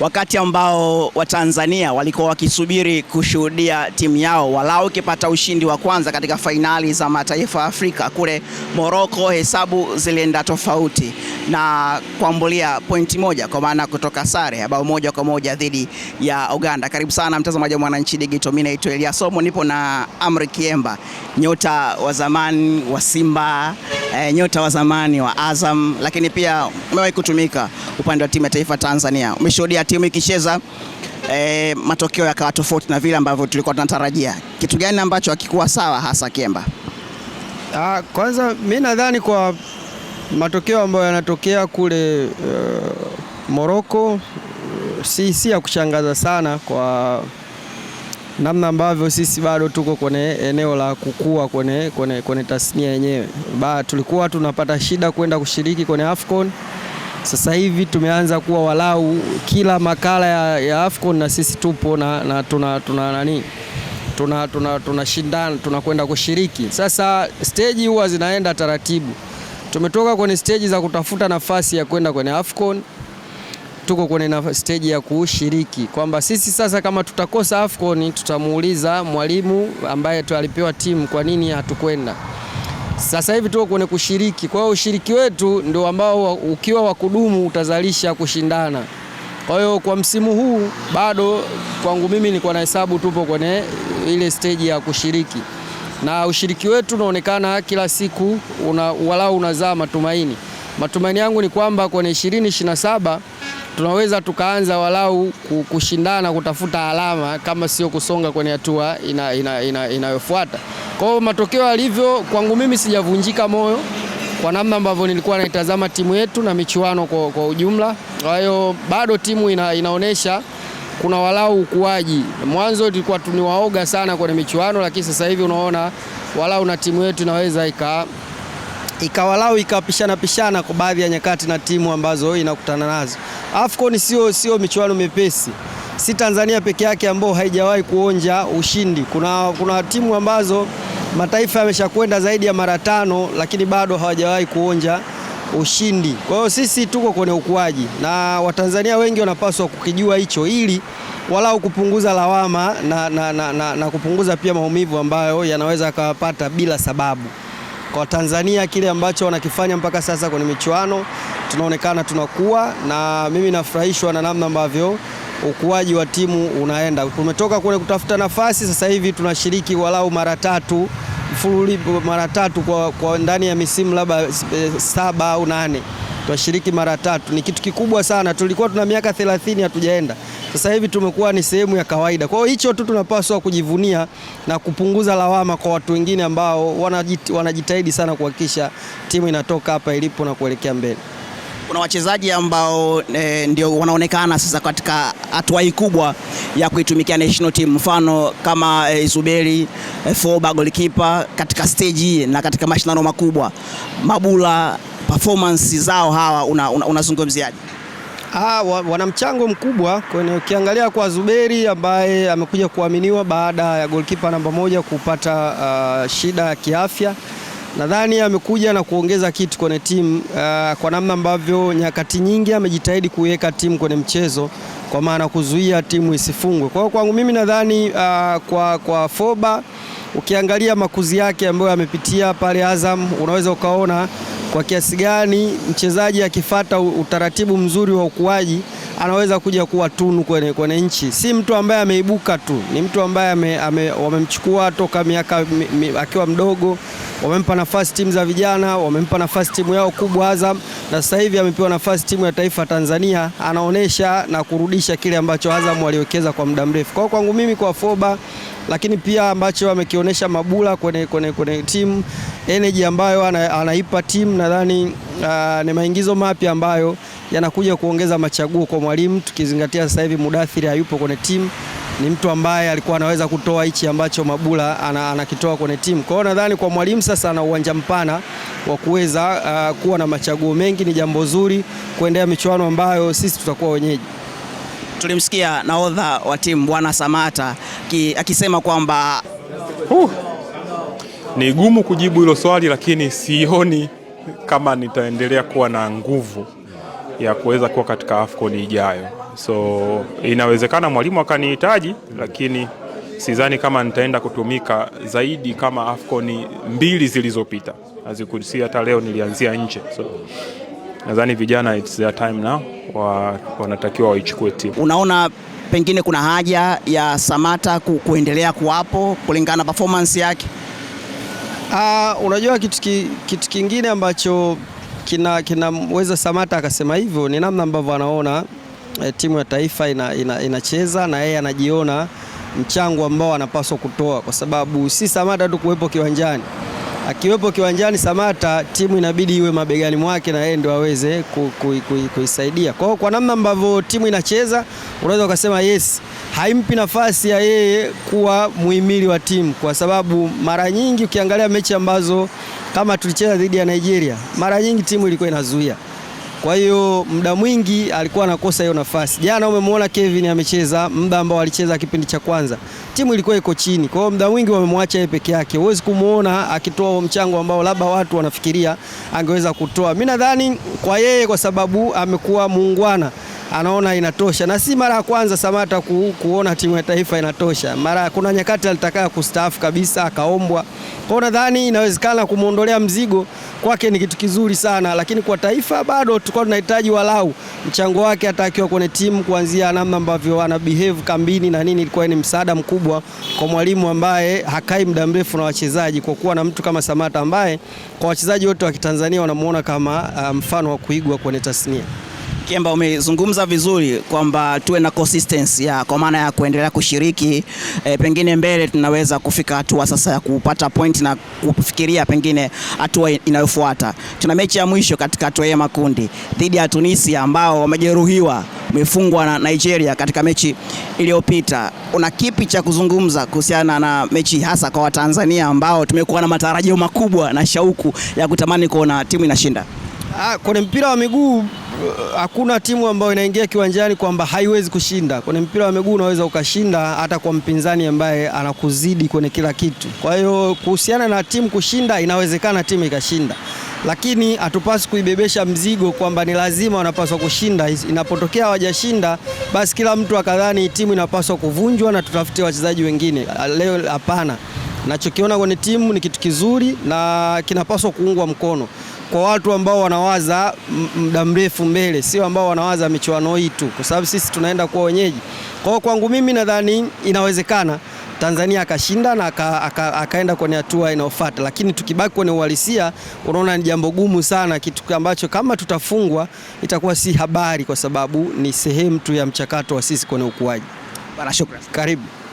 wakati ambao Watanzania walikuwa wakisubiri kushuhudia timu yao walau ikipata ushindi wa kwanza katika fainali za mataifa ya Afrika kule Morocco, hesabu zilienda tofauti na kuambulia pointi moja kwa maana kutoka sare ya bao moja kwa moja dhidi ya Uganda. Karibu sana mtazamaji wa Mwananchi Digital, mimi naitwa Elias Somo, nipo na Amri Kiemba, nyota wa zamani wa Simba eh, nyota wa zamani wa Azam, lakini pia umewahi kutumika upande wa timu ya taifa Tanzania. Umeshuhudia timu ikicheza eh, matokeo yakawa tofauti na vile ambavyo tulikuwa tunatarajia. Kitu gani ambacho hakikuwa sawa hasa Kiemba? Ah, kwanza mimi nadhani kwa matokeo ambayo yanatokea kule uh, Morocco uh, si, si ya kushangaza sana kwa namna ambavyo sisi bado tuko kwenye eneo la kukua kwenye, kwenye, kwenye tasnia yenyewe. Tulikuwa tunapata shida kwenda kushiriki kwenye Afcon. Sasa hivi tumeanza kuwa walau kila makala ya, ya Afcon na sisi tupo na, na tuna, tuna nani tunashindana tuna, tuna tunakwenda kushiriki. Sasa steji huwa zinaenda taratibu. Tumetoka kwenye stage za kutafuta nafasi ya kwenda kwenye Afcon, tuko kwenye stage ya kushiriki, kwamba sisi sasa kama tutakosa Afcon tutamuuliza mwalimu ambaye alipewa timu kwa nini hatukwenda. Sasa hivi tuko kwenye kushiriki, kwa hiyo ushiriki wetu ndio ambao ukiwa wa kudumu utazalisha kushindana. Kwa hiyo kwa msimu huu bado kwangu mimi niko na hesabu tupo kwenye ile stage ya kushiriki na ushiriki wetu unaonekana kila siku una, walau unazaa matumaini. Matumaini yangu ni kwamba kwenye saba tunaweza tukaanza walau kushindana kutafuta alama kama sio kusonga kwenye hatua inayofuata ina, ina, ina kwa hiyo matokeo yalivyo, kwangu mimi sijavunjika moyo kwa namna ambavyo nilikuwa naitazama timu yetu na michuano kwa, kwa ujumla. Kwa hiyo bado timu ina, inaonyesha kuna walau ukuaji. Mwanzo tulikuwa tuniwaoga sana kwenye michuano, lakini sasa hivi unaona walau na timu yetu inaweza ika ikawalau ikapishana pishana kwa baadhi ya nyakati na timu ambazo inakutana nazo. Afcon sio sio michuano mepesi, si Tanzania peke yake ambao haijawahi kuonja ushindi. Kuna, kuna timu ambazo mataifa yameshakwenda zaidi ya mara tano, lakini bado hawajawahi kuonja ushindi. Kwa hiyo sisi tuko kwenye ukuaji na Watanzania wengi wanapaswa kukijua hicho ili walau kupunguza lawama na, na, na, na, na kupunguza pia maumivu ambayo yanaweza yakawapata bila sababu. Kwa Tanzania kile ambacho wanakifanya mpaka sasa kwenye michuano tunaonekana tunakuwa, na mimi nafurahishwa na namna ambavyo ukuaji wa timu unaenda. Tumetoka kule kutafuta nafasi, sasa hivi tunashiriki walau mara tatu mfululizo mara tatu kwa, kwa ndani ya misimu labda eh, saba au nane twashiriki mara tatu. Ni kitu kikubwa sana. Tulikuwa tuna miaka 30 hatujaenda, sasa hivi tumekuwa ni sehemu ya kawaida. Kwa hiyo hicho tu tunapaswa kujivunia na kupunguza lawama kwa watu wengine ambao wanajitahidi sana kuhakikisha timu inatoka hapa ilipo na kuelekea mbele kuna wachezaji ambao e, ndio wanaonekana sasa katika hatua kubwa ya kuitumikia national team, mfano kama e, Zuberi e, Foba goalkeeper katika stage na katika mashindano makubwa. Mabula, performance zao hawa unazungumziaje? una, una Ah, wana mchango mkubwa kwenye ukiangalia kwa Zuberi ambaye amekuja kuaminiwa baada ya golkipa namba moja kupata uh, shida ya kiafya. Nadhani amekuja na kuongeza kitu kwenye timu uh, kwa namna ambavyo nyakati nyingi amejitahidi kuiweka timu kwenye mchezo kwa maana kuzuia timu isifungwe. Kwa hiyo kwangu mimi nadhani uh, kwa, kwa Foba ukiangalia makuzi yake ambayo amepitia pale Azam unaweza ukaona kwa kiasi gani mchezaji akifata utaratibu mzuri wa ukuaji anaweza kuja kuwa tunu kwenye, kwenye nchi. Si mtu ambaye ameibuka tu, ni mtu ambaye wamemchukua toka miaka mi, mi, akiwa mdogo wamempa nafasi timu za vijana, wamempa nafasi timu yao kubwa Azam, na sasa hivi amepewa nafasi timu ya taifa Tanzania, anaonesha na kurudisha kile ambacho Azam waliwekeza kwa muda mrefu. Kwa kwangu mimi kwa Foba, lakini pia ambacho amekionyesha Mabula kwenye, kwenye, kwenye timu energy ambayo ana, anaipa timu nadhani Uh, ni maingizo mapya ambayo yanakuja kuongeza machaguo kwa mwalimu, tukizingatia sasa hivi Mudathiri hayupo kwenye timu ni mtu ambaye alikuwa anaweza kutoa hichi ambacho Mabula anakitoa ana kwenye timu. Kwa hiyo nadhani kwa mwalimu sasa ana uwanja mpana wa kuweza uh, kuwa na machaguo mengi. Ni jambo zuri kuendea michuano ambayo sisi tutakuwa wenyeji. Tulimsikia naodha wa timu Bwana Samata akisema kwamba huh, ni gumu kujibu hilo swali, lakini sioni kama nitaendelea kuwa na nguvu ya kuweza kuwa katika AFCON ijayo. So inawezekana mwalimu akanihitaji, lakini sidhani kama nitaenda kutumika zaidi kama AFCON mbili zilizopita azikusi Hata leo nilianzia nje, so nadhani vijana it's their time now, wa, wanatakiwa waichukue timu. Unaona pengine kuna haja ya Samata ku, kuendelea kuwapo kulingana na performance yake. Uh, unajua kitu kingine ambacho kina kinaweza Samata akasema hivyo, ni namna ambavyo anaona e, timu ya taifa inacheza ina, ina na yeye anajiona mchango ambao anapaswa kutoa, kwa sababu si Samata tu kuwepo kiwanjani. Akiwepo kiwanjani Samata, timu inabidi iwe mabegani mwake na yeye ndio aweze kuisaidia. Kwa kwa namna ambavyo timu inacheza, unaweza ukasema yes, haimpi nafasi ya yeye kuwa muhimili wa timu, kwa sababu mara nyingi ukiangalia mechi ambazo kama tulicheza dhidi ya Nigeria, mara nyingi timu ilikuwa inazuia, kwa hiyo muda mwingi alikuwa anakosa hiyo nafasi. Jana umemwona Kevin amecheza muda ambao alicheza kipindi cha kwanza, timu ilikuwa iko chini, kwa hiyo muda mwingi wamemwacha yeye peke yake. Huwezi kumwona akitoa mchango ambao labda watu wanafikiria angeweza kutoa. Mimi nadhani kwa yeye, kwa sababu amekuwa muungwana anaona inatosha, na si mara ya kwanza Samata ku, kuona timu ya taifa inatosha. Mara kuna nyakati alitaka kustaafu kabisa akaombwa. Kwa nadhani inawezekana kumwondolea mzigo kwake ni kitu kizuri sana, lakini kwa taifa bado tulikuwa tunahitaji walau mchango wake, hata akiwa kwenye timu, kuanzia namna ambavyo ana behave kambini na nini, ilikuwa ni msaada mkubwa kwa mwalimu ambaye hakai muda mrefu na wachezaji, kwa kuwa na mtu kama Samata ambaye kwa wachezaji wote wa Kitanzania wanamuona kama ah, mfano um, wa kuigwa kwenye tasnia. Kiemba, umezungumza vizuri kwamba tuwe na consistency ya kwa maana ya kuendelea kushiriki e, pengine mbele tunaweza kufika hatua sasa ya kupata point na kufikiria pengine hatua inayofuata. Tuna mechi ya mwisho katika hatua ya makundi dhidi ya Tunisia ambao wamejeruhiwa umefungwa na Nigeria katika mechi iliyopita. Una kipi cha kuzungumza kuhusiana na mechi hasa kwa Watanzania ambao tumekuwa na matarajio makubwa na shauku ya kutamani kuona timu inashinda? Ah, kwenye mpira wa miguu Eh, hakuna timu ambayo inaingia kiwanjani kwamba haiwezi kushinda. Kwenye mpira wa miguu unaweza ukashinda hata kwa mpinzani ambaye anakuzidi kwenye kila kitu. Kwa hiyo kuhusiana na timu kushinda, inawezekana timu ikashinda, lakini hatupaswi kuibebesha mzigo kwamba ni lazima wanapaswa kushinda. Inapotokea hawajashinda, basi kila mtu akadhani timu inapaswa kuvunjwa na tutafute wachezaji wengine. Leo hapana. Nachokiona kwenye timu ni kitu kizuri na kinapaswa kuungwa mkono kwa watu ambao wanawaza muda mrefu mbele, sio ambao wanawaza michuano hii tu, kwa sababu sisi tunaenda kuwa wenyeji. Kwa hiyo kwangu mimi nadhani inawezekana Tanzania akashinda na akaenda aka, aka kwenye hatua inayofuata, lakini tukibaki kwenye uhalisia, unaona ni jambo gumu sana, kitu ambacho kama tutafungwa itakuwa si habari, kwa sababu ni sehemu tu ya mchakato wa sisi kwenye ukuaji. Bana, shukrani, karibu.